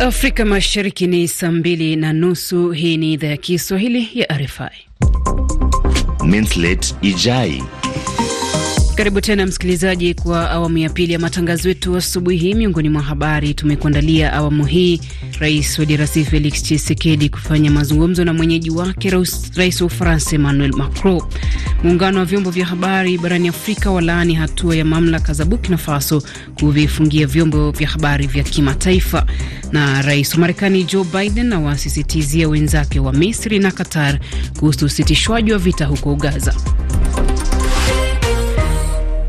Afrika Mashariki ni saa mbili na nusu. Hii ni idhaa ya Kiswahili ya RFI. minslate Ijai karibu tena msikilizaji, kwa awamu ya pili ya matangazo yetu asubuhi hii. Miongoni mwa habari tumekuandalia awamu hii: Rais wa DRC Felix Tshisekedi kufanya mazungumzo na mwenyeji wake Rais wa Ufaransa Emmanuel Macron. Muungano wa vyombo vya habari barani Afrika walaani hatua ya mamlaka za Burkina Faso kuvifungia vyombo vya habari vya kimataifa, na rais wa Marekani Joe Biden awasisitizia wenzake wa Misri na Qatar kuhusu usitishwaji wa vita huko Gaza.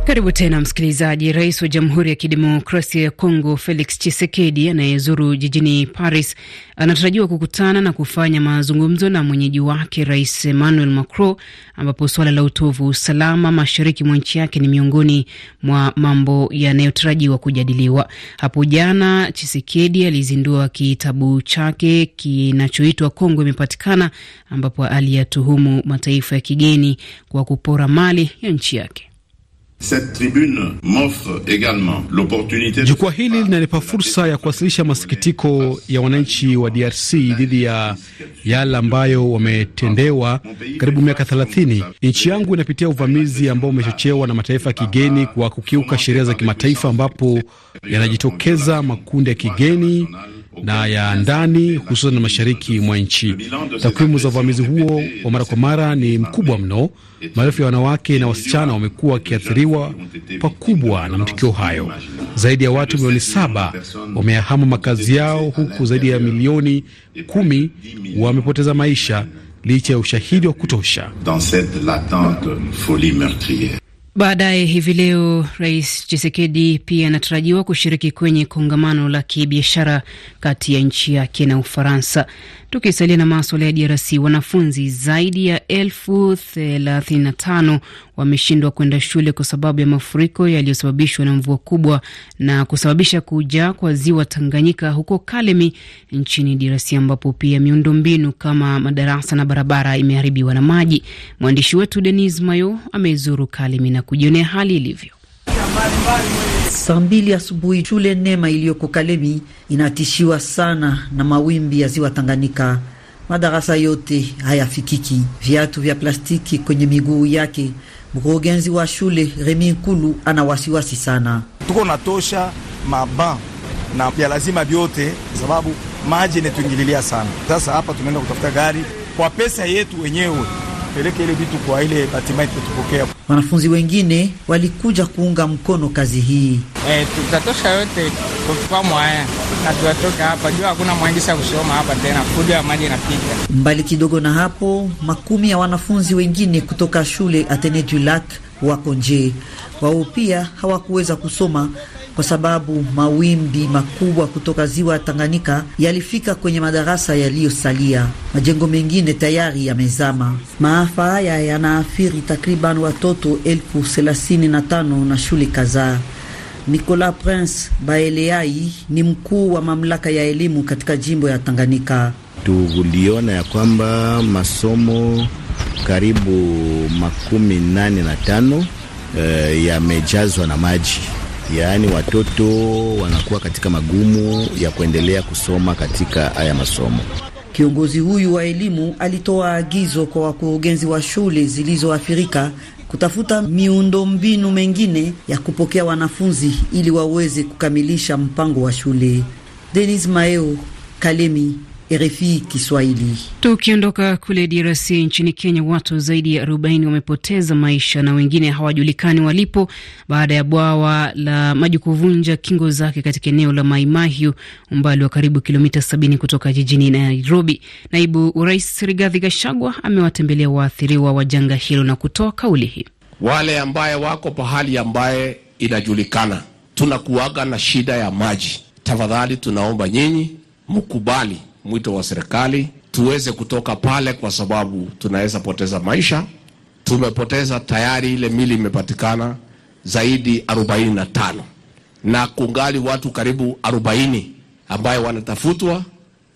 Karibu tena msikilizaji. Rais wa Jamhuri ya Kidemokrasia ya Kongo Felix Tshisekedi anayezuru jijini Paris anatarajiwa kukutana na kufanya mazungumzo na mwenyeji wake Rais Emmanuel Macron, ambapo suala la utovu usalama mashariki mwa nchi yake ni miongoni mwa mambo yanayotarajiwa kujadiliwa. Hapo jana Tshisekedi alizindua kitabu chake kinachoitwa Kongo Imepatikana, ambapo aliyatuhumu mataifa ya kigeni kwa kupora mali ya nchi yake. Jukwaa hili ah, linanipa fursa ya kuwasilisha masikitiko ya wananchi wa DRC dhidi ya yale ambayo wametendewa karibu miaka 30. Nchi yangu inapitia uvamizi ambao umechochewa na mataifa ya kigeni kwa kukiuka sheria za kimataifa, ambapo yanajitokeza makundi ya kigeni na ya ndani, hususan mashariki mwa nchi. Takwimu za uvamizi huo wa mara kwa mara ni mkubwa mno. Maelfu ya wanawake na wasichana wamekuwa wakiathiriwa pakubwa na matukio hayo. Zaidi ya watu milioni saba wameahama makazi yao, huku zaidi ya milioni kumi wamepoteza maisha licha ya ushahidi wa kutosha. Baadaye hivi leo Rais chisekedi pia anatarajiwa kushiriki kwenye kongamano la kibiashara kati ya nchi yake na Ufaransa. Tukisalia na maswala ya DRC, wanafunzi zaidi ya elfu thelathini na tano wameshindwa kwenda shule kwa sababu ya mafuriko yaliyosababishwa na mvua kubwa na kusababisha kujaa kwa ziwa Tanganyika huko Kalemi nchini DRC, ambapo pia miundo mbinu kama madarasa na barabara imeharibiwa na maji. Mwandishi wetu Denis Mayo amezuru Kalemi na kujionea hali ilivyo. Saa mbili asubuhi, shule Nema iliyoko Kalemi inatishiwa sana na mawimbi ya ziwa Tanganyika. Madarasa yote hayafikiki, viatu vya plastiki kwenye miguu yake Mkurugenzi wa shule Remi Nkulu ana wasiwasi sana. Tuko natosha maba na pia lazima vyote, sababu maji inatuingililia sana. Sasa hapa tunaenda kutafuta gari kwa pesa yetu wenyewe peleke ile vitu kwa ile batimai tutupokea. Wanafunzi wengine walikuja kuunga mkono kazi hii eh, tutatosha yote kwa mwaya na tuatoka hapa jua hakuna sa kusoma hapa tena, fujo ya maji inapiga mbali kidogo. Na hapo makumi ya wanafunzi wengine kutoka shule Atene du Lac wako nje, wao pia hawakuweza kusoma kwa sababu mawimbi makubwa kutoka ziwa Tanganyika yalifika kwenye madarasa yaliyosalia. Majengo mengine tayari yamezama. Maafa haya yanaathiri takriban watoto elfu thelathini na tano na shule kadhaa. Nicolas Prince Baeleai ni mkuu wa mamlaka ya elimu katika jimbo ya Tanganyika. Tuliona ya kwamba masomo karibu makumi nane na tano e, yamejazwa na maji, yaani watoto wanakuwa katika magumu ya kuendelea kusoma katika haya masomo. Kiongozi huyu wa elimu alitoa agizo kwa wakurugenzi wa shule zilizoathirika kutafuta miundombinu mengine ya kupokea wanafunzi ili waweze kukamilisha mpango wa shule. Denis Maeo, Kalemi. RFI Kiswahili. Tukiondoka kule DRC nchini Kenya, watu zaidi ya 40 wamepoteza maisha na wengine hawajulikani walipo baada ya bwawa la maji kuvunja kingo zake katika eneo la Maimahiu, umbali wa karibu kilomita 70 kutoka jijini Nairobi. Naibu Rais Rigathi Gachagua amewatembelea waathiriwa wa janga hilo na kutoa kauli hii. Wale ambaye wako pahali ambaye inajulikana tunakuaga na shida ya maji, tafadhali tunaomba nyinyi mkubali mwito wa serikali tuweze kutoka pale, kwa sababu tunaweza poteza maisha. Tumepoteza tayari, ile mili imepatikana zaidi arobaini na tano na kungali watu karibu arobaini ambayo wanatafutwa,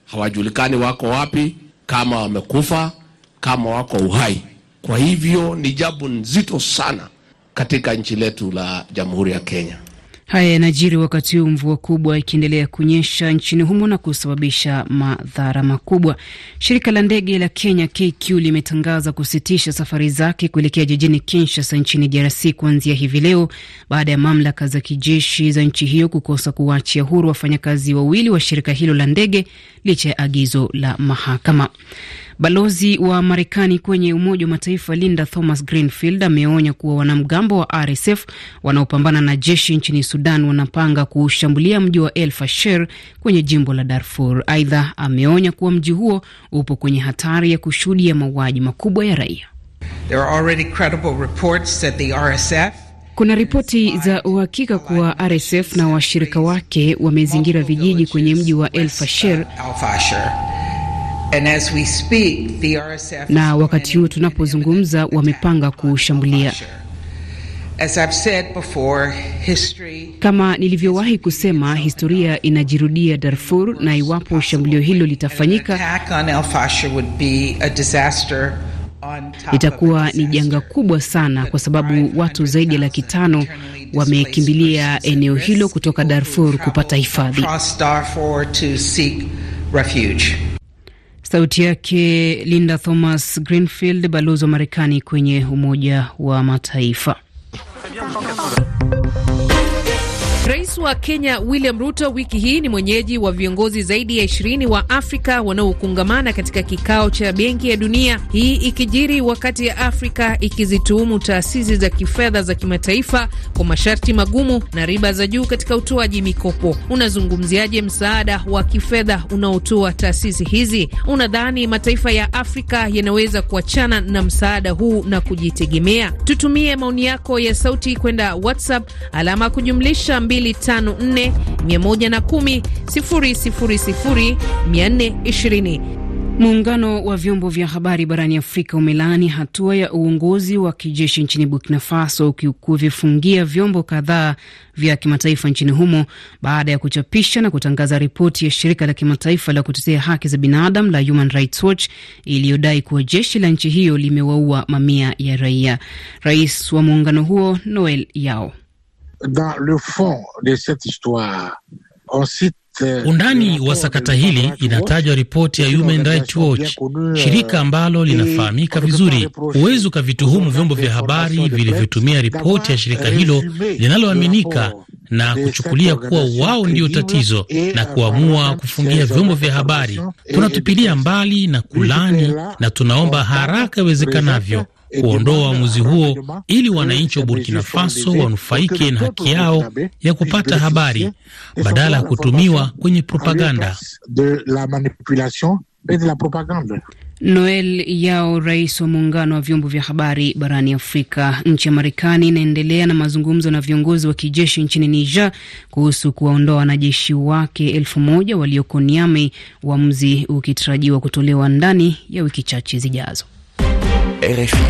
hawajulikani wako wapi, kama wamekufa, kama wako uhai. Kwa hivyo ni jambo nzito sana katika nchi letu la Jamhuri ya Kenya. Haya yanajiri wakati huu mvua kubwa ikiendelea kunyesha nchini humo na kusababisha madhara makubwa. Shirika la ndege la Kenya KQ limetangaza kusitisha safari zake kuelekea jijini Kinshasa nchini DRC kuanzia hivi leo baada ya mamlaka za kijeshi za nchi hiyo kukosa kuwaachia huru wafanyakazi wawili wa shirika hilo la ndege licha ya agizo la mahakama. Balozi wa Marekani kwenye Umoja wa Mataifa Linda Thomas Greenfield ameonya kuwa wanamgambo wa RSF wanaopambana na jeshi nchini Sudan wanapanga kushambulia mji wa El Fasher kwenye jimbo la Darfur. Aidha, ameonya kuwa mji huo upo kwenye hatari ya kushuhudia mauaji makubwa ya raia. There are already credible reports that the RSF kuna ripoti za uhakika kuwa RSF na washirika wake wamezingira vijiji kwenye mji wa El Fasher speak, na wakati huu tunapozungumza wamepanga kuushambulia. Kama nilivyowahi kusema, historia inajirudia Darfur, na iwapo shambulio hilo litafanyika itakuwa ni janga kubwa sana, kwa sababu watu zaidi ya laki tano wamekimbilia eneo hilo kutoka Darfur kupata hifadhi. Sauti yake Linda Thomas Greenfield, balozi wa Marekani kwenye Umoja wa Mataifa. Rais wa Kenya William Ruto wiki hii ni mwenyeji wa viongozi zaidi ya ishirini wa Afrika wanaokungamana katika kikao cha Benki ya Dunia, hii ikijiri wakati ya Afrika ikizituhumu taasisi za kifedha za kimataifa kwa masharti magumu na riba za juu katika utoaji mikopo. Unazungumziaje msaada wa kifedha unaotoa taasisi hizi? Unadhani mataifa ya Afrika yanaweza kuachana na msaada huu na kujitegemea? Tutumie maoni yako ya sauti kwenda WhatsApp alama kujumlisha mbi 420. Muungano wa vyombo vya habari barani Afrika umelaani hatua ya uongozi wa kijeshi nchini Burkina Faso kuvifungia vyombo kadhaa vya kimataifa nchini humo baada ya kuchapisha na kutangaza ripoti ya shirika la kimataifa la kutetea haki za binadamu la Human Rights Watch iliyodai kuwa jeshi la nchi hiyo limewaua mamia ya raia. Rais wa muungano huo Noel Yao dans le fond de cette histoire, on cite euh, Undani wa sakata hili inatajwa ripoti ya Human Rights Watch, eh, shirika ambalo linafahamika vizuri. Huwezi ukavituhumu vyombo vya habari vilivyotumia ripoti ya shirika eh, hilo linaloaminika na kuchukulia kuwa wao ndio tatizo na kuamua kufungia vyombo vya habari. Tunatupilia mbali na kulani na tunaomba haraka iwezekanavyo kuondoa uamuzi huo ili wananchi wa Burkina Faso wanufaike na haki yao ya kupata habari badala ya kutumiwa kwenye propaganda. Noel Yao, rais wa muungano wa vyombo vya habari barani Afrika. Nchi ya Marekani inaendelea na mazungumzo na viongozi wa kijeshi nchini Niger kuhusu kuwaondoa wanajeshi wake elfu moja walioko Niamey, uamuzi ukitarajiwa kutolewa ndani ya wiki chache zijazo. RFI.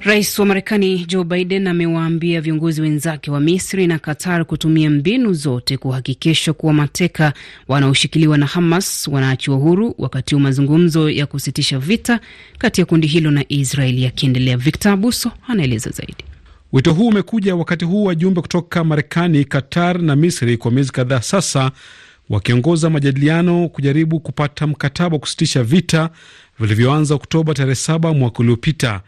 Rais wa Marekani Joe Biden amewaambia viongozi wenzake wa Misri na Qatar kutumia mbinu zote kuhakikisha kuwa mateka wanaoshikiliwa na Hamas wanaachiwa huru, wakati wa mazungumzo ya kusitisha vita kati ya kundi hilo na Israeli yakiendelea. Victor Abuso anaeleza zaidi. Wito huu umekuja wakati huu wajumbe kutoka Marekani, Qatar na Misri kwa miezi kadhaa sasa wakiongoza majadiliano kujaribu kupata mkataba wa kusitisha vita vilivyoanza Oktoba tarehe saba mwaka uliopita.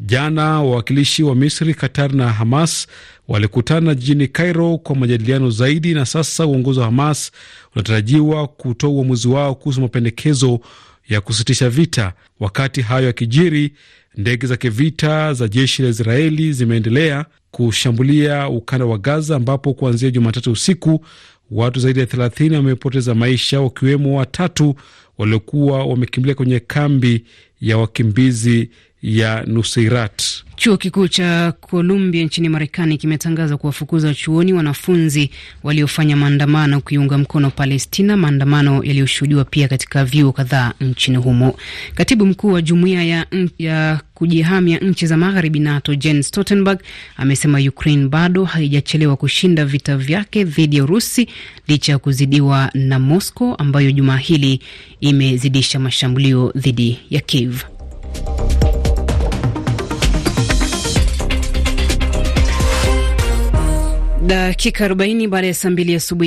Jana wawakilishi wa Misri, Qatar na Hamas walikutana jijini Cairo kwa majadiliano zaidi, na sasa uongozi wa Hamas unatarajiwa kutoa uamuzi wao kuhusu mapendekezo ya kusitisha vita. Wakati hayo yakijiri, ndege za kivita za jeshi la Israeli zimeendelea kushambulia ukanda wa Gaza, ambapo kuanzia Jumatatu usiku watu zaidi ya 30 wamepoteza maisha, wakiwemo watatu waliokuwa wamekimbilia kwenye kambi ya wakimbizi ya nusirat Chuo kikuu cha Columbia nchini Marekani kimetangaza kuwafukuza chuoni wanafunzi waliofanya maandamano kuiunga mkono Palestina, maandamano yaliyoshuhudiwa pia katika vyuo kadhaa nchini humo. Katibu mkuu wa jumuiya ya, ya kujihamia nchi za magharibi NATO Jens Stoltenberg amesema Ukraine bado haijachelewa kushinda vita vyake dhidi ya Urusi licha ya kuzidiwa na Moscow ambayo jumaa hili imezidisha mashambulio dhidi ya Kiev. Dakika 40 baada ya saa mbili asubuhi.